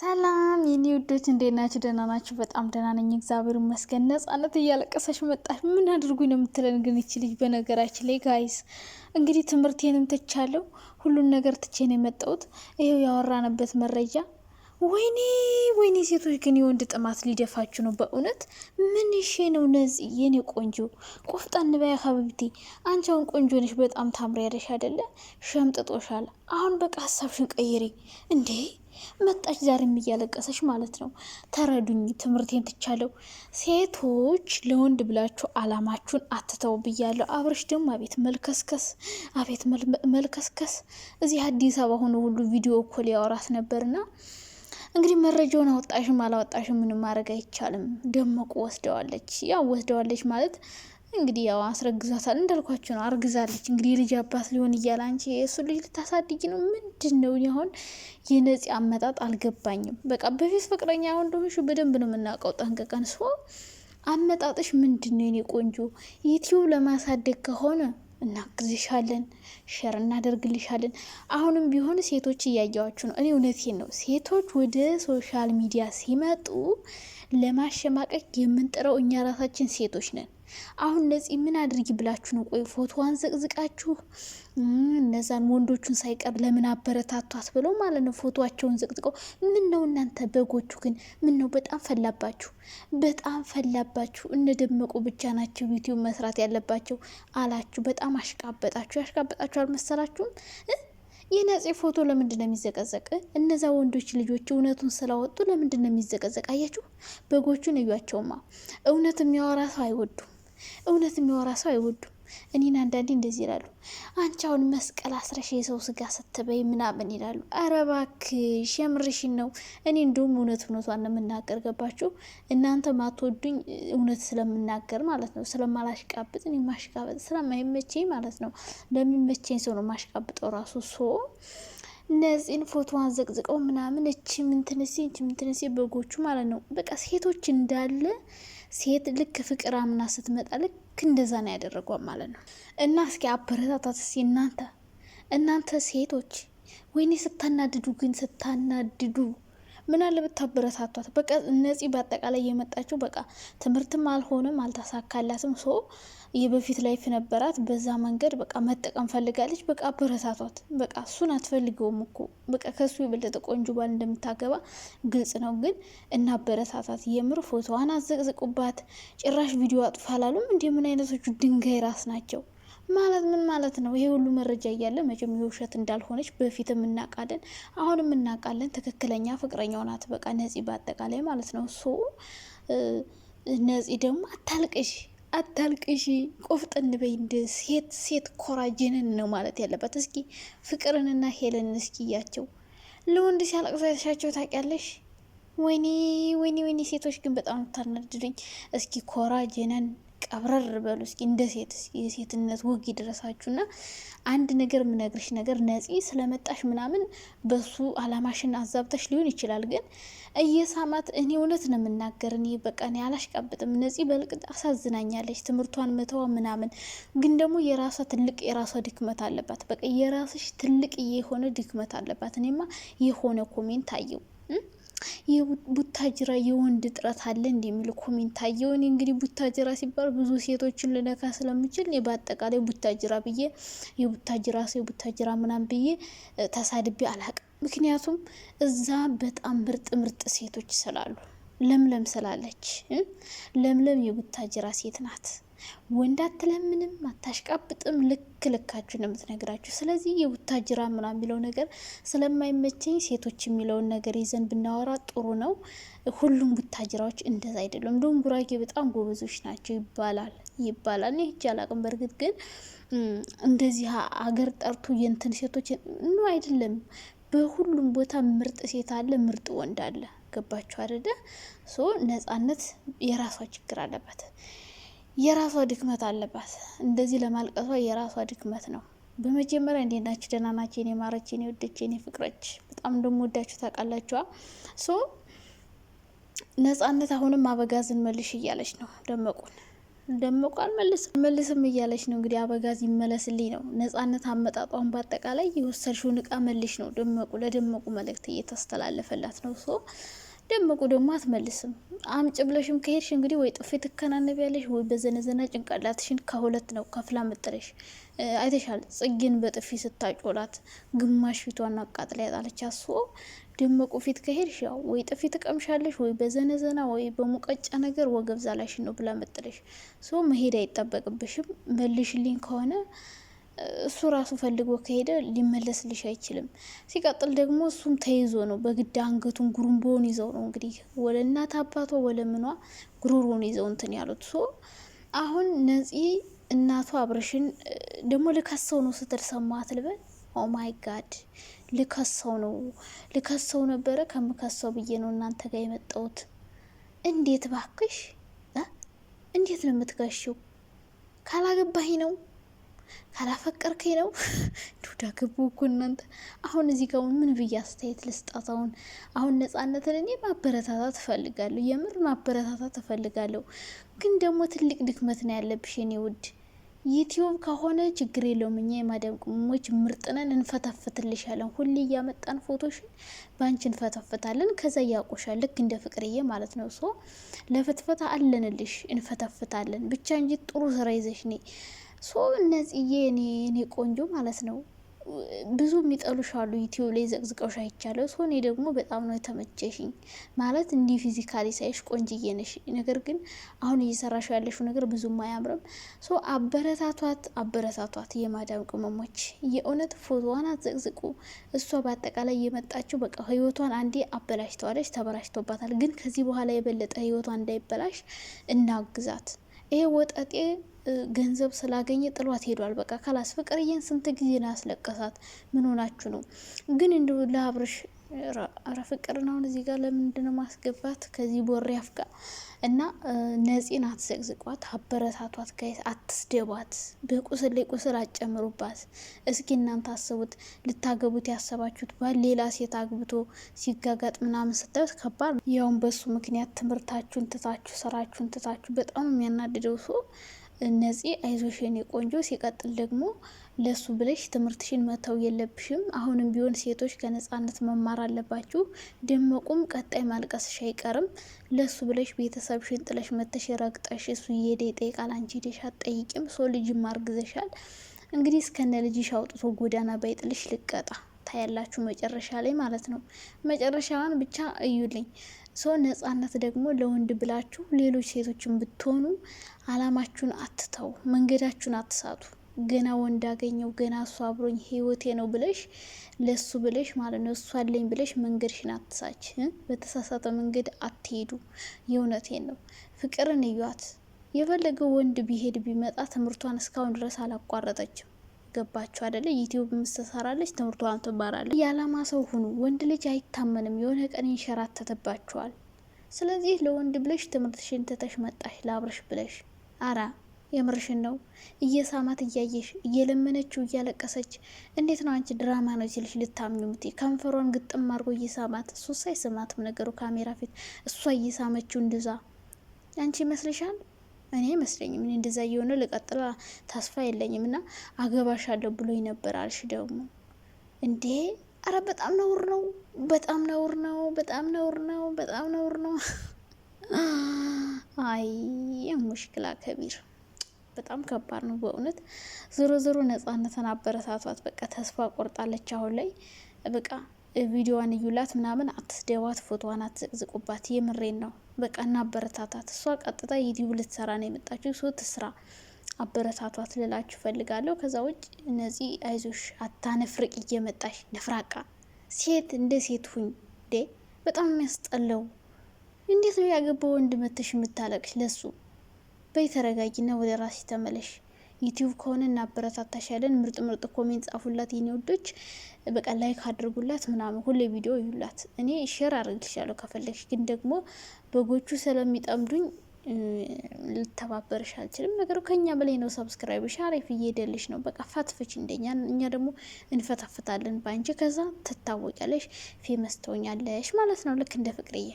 ሰላም የኔ ውዶች እንዴት ናችሁ? ደህና ናችሁ? በጣም ደህና ነኝ፣ እግዚአብሔር ይመስገን። ነጻነት እያለቀሰች መጣች። ምን አድርጉኝ ነው የምትለን? ግን ይች ልጅ በነገራችን ላይ ጋይስ እንግዲህ ትምህርቴንም ትቻለሁ፣ ሁሉን ነገር ትቼ ነው የመጣሁት። ይኸው ያወራንበት መረጃ ወይኔ ወይኔ፣ ሴቶች ግን የወንድ ጥማት ሊደፋችሁ ነው። በእውነት ምን ይሼ ነው? ነዚ? የኔ ቆንጆ ቆፍጣን በያ ሀቢብቲ፣ አንቺ አሁን ቆንጆ ነሽ፣ በጣም ታምሪያለሽ አይደለ? ሸምጥጦሻል። አሁን በቃ ሀሳብሽን ቀይሪ እንዴ! መጣች ዛሬም እያለቀሰች ማለት ነው። ተረዱኝ፣ ትምህርቴን ትቻለው። ሴቶች ለወንድ ብላችሁ አላማችሁን አትተው ብያለሁ። አብረሽ ደግሞ አቤት መልከስከስ፣ አቤት መልከስከስ። እዚህ አዲስ አበባ ሆኖ ሁሉ ቪዲዮ ኮል ያወራት ነበርና እንግዲህ መረጃውን አወጣሽም አላወጣሽም ምንም ማድረግ አይቻልም። ደመቁ ወስደዋለች። ያው ወስደዋለች ማለት እንግዲህ ያው አስረግዟታል እንዳልኳቸው ነው። አርግዛለች እንግዲህ ልጅ አባት ሊሆን እያለ አንቺ የእሱ ልጅ ልታሳድጊ ነው ምንድን ነው? አሁን የነፂ አመጣጥ አልገባኝም። በቃ በፊት ፍቅረኛ አሁን እንደሆንሽ በደንብ ነው የምናውቀው ጠንቅቀን። ሶ አመጣጥሽ ምንድን ነው የኔ ቆንጆ? ዩቲዩብ ለማሳደግ ከሆነ እናግዝሻለን፣ ሸር እናደርግልሻለን። አሁንም ቢሆን ሴቶች እያያዋችሁ ነው። እኔ እውነቴን ነው። ሴቶች ወደ ሶሻል ሚዲያ ሲመጡ ለማሸማቀቅ የምንጥረው እኛ ራሳችን ሴቶች ነን። አሁን ነፂ ምን አድርጊ ብላችሁ ነው? ቆይ ፎቶዋን ዘቅዝቃችሁ እነዛን ወንዶቹን ሳይቀር ለምን አበረታቷት ብለው ማለት ነው። ፎቶቸውን ዘቅዝቀው ምን ነው እናንተ በጎቹ ግን ምን ነው በጣም ፈላባችሁ፣ በጣም ፈላባችሁ። እነደመቁ ብቻ ናቸው ዩቲዩብ መስራት ያለባቸው አላችሁ። በጣም አሽቃበጣችሁ። ያሽቃበጣችሁ አልመሰላችሁም? የነፂ ፎቶ ለምንድን ነው የሚዘቀዘቅ? እነዛ ወንዶች ልጆች እውነቱን ስላወጡ ለምንድን ነው የሚዘቀዘቅ? አያችሁ፣ በጎቹን እዩዋቸውማ። እውነት የሚያወራ ሰው አይወዱም። እውነት የሚወራ ሰው አይወዱም። እኔን አንዳንዴ እንደዚህ ይላሉ፣ አንቺ አሁን መስቀል አስረሽ የሰው ስጋ ስትበይ ምናምን ይላሉ። አረ እባክሽ የምርሽን ነው። እኔ እንደውም እውነት እውነቷን ለምናገር ገባችሁ። እናንተ ማትወዱኝ እውነት ስለምናገር ማለት ነው፣ ስለማላሽቃብጥ እኔ ማሽቃበጥ ስለማይመቸኝ ማለት ነው። ለሚመቸኝ ሰው ነው ማሽቃብጠው ራሱ ሶ እነዚህን ፎቶዋን ዘቅዝቀው ምናምን እች ምንትንሴ እች ምንትንሴ በጎቹ ማለት ነው። በቃ ሴቶች እንዳለ ሴት ልክ ፍቅር አምና ስትመጣ ልክ እንደዛ ነው ያደረጓ ማለት ነው። እና እስኪ አበረታታት እስኪ እናንተ እናንተ ሴቶች ወይኔ ስታናድዱ ግን ስታናድዱ ምን አለ ብታበረታቷት። በቃ ነፂ በአጠቃላይ የመጣችው በቃ ትምህርትም አልሆነም አልተሳካላትም። ሶ የበፊት ላይፍ ነበራት፣ በዛ መንገድ በቃ መጠቀም ፈልጋለች። በቃ አበረታቷት። በቃ እሱን አትፈልገውም እኮ በቃ ከሱ የበለጠ ቆንጆ ባል እንደምታገባ ግልጽ ነው። ግን እናበረታታት። የምር ፎቶዋን አዘቅዝቁባት። ጭራሽ ቪዲዮ አጥፋ አላሉም እንዲህ። ምን አይነቶቹ ድንጋይ ራስ ናቸው። ማለት ምን ማለት ነው? ይሄ ሁሉ መረጃ እያለ መቼም የውሸት እንዳልሆነች በፊትም እናውቃለን፣ አሁንም እናውቃለን። ትክክለኛ ፍቅረኛው ናት። በቃ ነፂ፣ በአጠቃላይ ማለት ነው። ሶ ነፂ ደግሞ አታልቅሽ አታልቅሺ ቆፍጥን በይ እንደ ሴት ሴት ኮራጅንን ነው ማለት ያለበት። እስኪ ፍቅርንና ሄለን እስኪ እያቸው ለወንድ ሲያለቅሳሻቸው ያሻቸው ታውቂያለሽ? ወይኔ ወይኔ ወይኔ! ሴቶች ግን በጣም ታናድዱኝ። እስኪ ኮራጅንን ቀብረር በሉ እስኪ እንደ ሴት የሴትነት ወግ ይድረሳችሁና አንድ ነገር ምነግርሽ ነገር ነፂ ስለመጣሽ ምናምን በሱ አላማሽን አዛብተሽ ሊሆን ይችላል። ግን እየሳማት እኔ እውነት ነው የምናገር እኔ በቃ እኔ አላሽቃብጥም። ነፂ በልቅጥ አሳዝናኛለች። ትምህርቷን መተዋ ምናምን ግን ደግሞ የራሷ ትልቅ የራሷ ድክመት አለባት። በቃ የራስሽ ትልቅ የሆነ ድክመት አለባት። እኔማ የሆነ ኮሜንት አየው የቡታጅራ የወንድ እጥረት አለ እንዲ የሚል ኮሜንት አየውን። እንግዲህ ቡታጅራ ሲባል ብዙ ሴቶችን ልነካ ስለምችል በአጠቃላይ ቡታጅራ ብዬ የቡታጅራ ሰው የቡታጅራ ምናም ብዬ ተሳድቤ አላቅም። ምክንያቱም እዛ በጣም ምርጥ ምርጥ ሴቶች ስላሉ ለምለም ስላለች ለምለም የቡታጅራ ሴት ናት። ወንድ አትለምንም፣ አታሽቃብጥም። ልክ ልካችሁ ነው የምትነግራችሁ። ስለዚህ የቡታጅራ ምና የሚለው ነገር ስለማይመቸኝ ሴቶች የሚለውን ነገር ይዘን ብናወራ ጥሩ ነው። ሁሉም ቡታጅራዎች እንደዛ አይደሉም። እንዲሁም ጉራጌ በጣም ጎበዞች ናቸው ይባላል ይባላል። ይህ እጅ በእርግጥ ግን እንደዚህ አገር ጠርቶ የንትን ሴቶች ኑ አይደለም። በሁሉም ቦታ ምርጥ ሴት አለ፣ ምርጥ ወንድ አለ። ገባችሁ አደለ? ሶ ነጻነት የራሷ ችግር አለባት። የራሷ ድክመት አለባት። እንደዚህ ለማልቀሷ የራሷ ድክመት ነው። በመጀመሪያ እንዴት ናችሁ? ደህና ናችሁ? የኔ ማረች፣ የኔ ወደች፣ የኔ ፍቅረች በጣም እንደምወዳችሁ ታውቃላችኋ። ሶ ነጻነት አሁንም አበጋዝን መልሽ እያለች ነው ደመቁን ደመቁ አልመልስም መልስም እያለች ነው እንግዲህ አበጋዝ ይመለስልኝ ነው ነጻነት አመጣጧን በአጠቃላይ የወሰድሽውን እቃ መልሽ ነው ደመቁ ለደመቁ መልእክት እየተስተላለፈላት ነው ሶ ደምቁ ደግሞ አትመልስም። አምጭ ብለሽም ከሄድሽ እንግዲህ ወይ ጥፊ ትከናነብ ያለሽ ወይ በዘነዘና ጭንቅላትሽን ከሁለት ነው ከፍላ መጥረሽ አይተሻል። ጽጌን በጥፊ ስታጮላት ግማሽ ፊቷን አቃጥላ ያጣለች አስ ደመቁ ፊት ከሄድሽ ያው ወይ ጥፊ ትቀምሻለሽ ወይ በዘነዘና ወይ በሙቀጫ ነገር ወገብ ዛላሽን ነው ብላ መጥረሽ ሶ መሄድ አይጠበቅብሽም። መልሽልኝ ከሆነ እሱ ራሱ ፈልጎ ከሄደ ሊመለስ ልሽ አይችልም። ሲቀጥል ደግሞ እሱም ተይዞ ነው በግድ አንገቱን ጉሩምቦውን ይዘው ነው እንግዲህ ወለ እናት አባቷ ወለ ምኗ ጉሩሩን ይዘው እንትን ያሉት። ሶ አሁን ነፂ እናቷ አብርሽን ደግሞ ልከሰው ነው ስትል ሰማት ልበል። ኦ ማይ ጋድ ልከሰው ነው ልከሰው ነበረ ከምከሰው ብዬ ነው እናንተ ጋር የመጣሁት። እንዴት ባክሽ፣ እንዴት ነው የምትገሽው ካላገባኝ ነው ካላፈቀርከኝ ነው ዱዳ ግቡ እኮ እናንተ። አሁን እዚህ ጋር ምን ብዬ አስተያየት ልስጣታውን? አሁን አሁን ነጻነትን እኔ ማበረታታት እፈልጋለሁ፣ የምር ማበረታታት እፈልጋለሁ። ግን ደግሞ ትልቅ ድክመት ነው ያለብሽ የኔ ውድ። ዩቲዩብ ከሆነ ችግር የለውም እኛ የማዳም ቅመሞች ምርጥነን እንፈተፍትልሻለን። ሁሌ እያመጣን ፎቶሽን በአንቺ እንፈተፍታለን። ከዛ እያቆሻል ልክ እንደ ፍቅርዬ ማለት ነው። ሶ ለፍትፈታ አለንልሽ፣ እንፈተፍታለን ብቻ እንጂ ጥሩ ስራ ይዘሽ ነይ። ሶ እነጽዬ እኔ እኔ ቆንጆ ማለት ነው ብዙ የሚጠሉሽ አሉ ዩቲዩብ ላይ ዘቅዝቀውሽ አይቻለሁ። ሶ እኔ ደግሞ በጣም ነው የተመቸሽኝ ማለት እንዲህ ፊዚካሊ ሳይሽ ቆንጅዬ ነሽ። ነገር ግን አሁን እየሰራሽው ያለሽው ነገር ብዙም አያምርም። ሶ አበረታቷት፣ አበረታቷት የማዳም ቅመሞች የእውነት ፎቶዋን አትዘቅዝቁ። እሷ በአጠቃላይ እየመጣችው በቃ ህይወቷን አንዴ አበላሽተዋለች፣ ተበላሽቶባታል። ግን ከዚህ በኋላ የበለጠ ህይወቷን እንዳይበላሽ እናግዛት። ይሄ ወጠጤ ገንዘብ ስላገኘ ጥሏት ሄዷል። በቃ ካላስ ፍቅርዬን ስንት ጊዜ ነው ያስለቀሳት? ምን ሆናችሁ ነው ግን እንዲ ለአብርሽ ኧረ ፍቅርን አሁን እዚህ ጋር ለምንድነው ማስገባት? ከዚህ ቦሬ አፍቃ እና ነፂን አትዘቅዝቋት፣ አበረታቷት፣ ጋይስ አትስደቧት፣ በቁስል ላይ ቁስል አጨምሩባት። እስኪ እናንተ አስቡት፣ ልታገቡት ያሰባችሁት ባል ሌላ ሴት አግብቶ ሲጋጋጥ ምናምን ስታዩት ከባድ ነው። ያውን በሱ ምክንያት ትምህርታችሁን ትታችሁ ስራችሁን ትታችሁ በጣም የሚያናድደው ሰው እነዚህ አይዞሽን የኔ ቆንጆ። ሲቀጥል ደግሞ ለሱ ብለሽ ትምህርትሽን መተው የለብሽም። አሁንም ቢሆን ሴቶች ከነጻነት መማር አለባችሁ። ደመቁም ቀጣይ ማልቀስሽ አይቀርም። ለሱ ብለሽ ቤተሰብሽን ጥለሽ መተሽ ረግጠሽ እሱ እየሄደ ይጠይቃል። አንቺ ሄደሽ አትጠይቂም። ሰው ልጅ ማርግዘሻል። እንግዲህ እስከነ ልጅሽ አውጥቶ ጎዳና ባይጥልሽ ልቀጣ ታያላችሁ መጨረሻ ላይ ማለት ነው። መጨረሻዋን ብቻ እዩልኝ። ሶ ነጻነት ደግሞ ለወንድ ብላችሁ ሌሎች ሴቶችን ብትሆኑ አላማችሁን አትተው፣ መንገዳችሁን አትሳቱ። ገና ወንድ አገኘው ገና እሱ አብሮኝ ህይወቴ ነው ብለሽ ለሱ ብለሽ ማለት ነው እሱ አለኝ ብለሽ መንገድሽን አትሳች። በተሳሳተ መንገድ አትሄዱ። የእውነቴን ነው። ፍቅርን እዩት። የፈለገው ወንድ ቢሄድ ቢመጣ ትምህርቷን እስካሁን ድረስ አላቋረጠችም። ገባችሁ አደለ? ዩቲዩብ ምስተሰራለች ትምህርቷን ትማራለች። የአላማ ሰው ሁኑ። ወንድ ልጅ አይታመንም፣ የሆነ ቀን ይንሸራተትባችኋል። ስለዚህ ለወንድ ብለሽ ትምህርትሽን ትተሽ መጣሽ፣ ላብረሽ ብለሽ አራ የምርሽን ነው እየሳማት እያየሽ እየለመነችው እያለቀሰች እንዴት ነው አንቺ ድራማ ነው ሲልሽ ልታምኙ ምት ከንፈሯን ግጥም አድርጎ እየሳማት እሱ ሳይስማትም ነገሩ ካሜራ ፊት እሷ እየሳመችው እንደዛ አንቺ ይመስልሻል? እኔ አይመስለኝም። እኔ እንደዛ እየሆነ ልቀጥላ ተስፋ የለኝም። እና አገባሽ አለው ብሎ ነበር አልሽ ደግሞ እንዴ! አረ በጣም ነውር ነው፣ በጣም ነውር ነው፣ በጣም ነውር ነው፣ በጣም ነውር ነው። አይ ሙሽክላ ከቢር በጣም ከባድ ነው በእውነት። ዞሮ ዞሮ ነጻነትን አበረታቷት። በቃ ተስፋ ቆርጣለች አሁን ላይ በቃ ቪዲዮዋን እዩላት ምናምን አትስደዋት፣ ፎቶዋን አትዘቅዝቁባት። የምሬን ነው። በቃ አበረታታት እሷ ቀጥታ ዩቲዩብ ልትሰራ ነው የመጣችው። ሶ ትስራ፣ አበረታቷት ልላችሁ ፈልጋለሁ። ከዛ ውጭ እነዚህ አይዞሽ አታነፍርቅ እየመጣሽ ነፍራቃ ሴት እንደ ሴት ሁኝ ዴ በጣም የሚያስጠላው እንዴት ነው ያገባ ወንድ መተሽ የምታለቅሽ? ለሱ በይ ተረጋጊና ወደ ራስሽ ተመለሽ። ዩቲዩብ ከሆነ እናበረታታሻለን። ምርጥ ምርጥ ኮሜንት ጻፉላት የኔ ውዶች፣ በቃ ላይክ አድርጉላት ምናምን፣ ሁሌ ቪዲዮ ይዩላት። እኔ ሼር አድርግልሻለሁ ከፈለግሽ፣ ግን ደግሞ በጎቹ ስለሚጠምዱኝ ልተባበርሽ አልችልም። ነገሩ ከኛ በላይ ነው። ሰብስክራይብ ሻሪፍ እየሄደልሽ ነው። በቃ ፋትፈች እንደኛ እኛ ደግሞ እንፈታፍታለን በአንቺ። ከዛ ትታወቂያለሽ፣ ፌመስ ትሆኛለሽ ማለት ነው ልክ እንደ ፍቅርዬ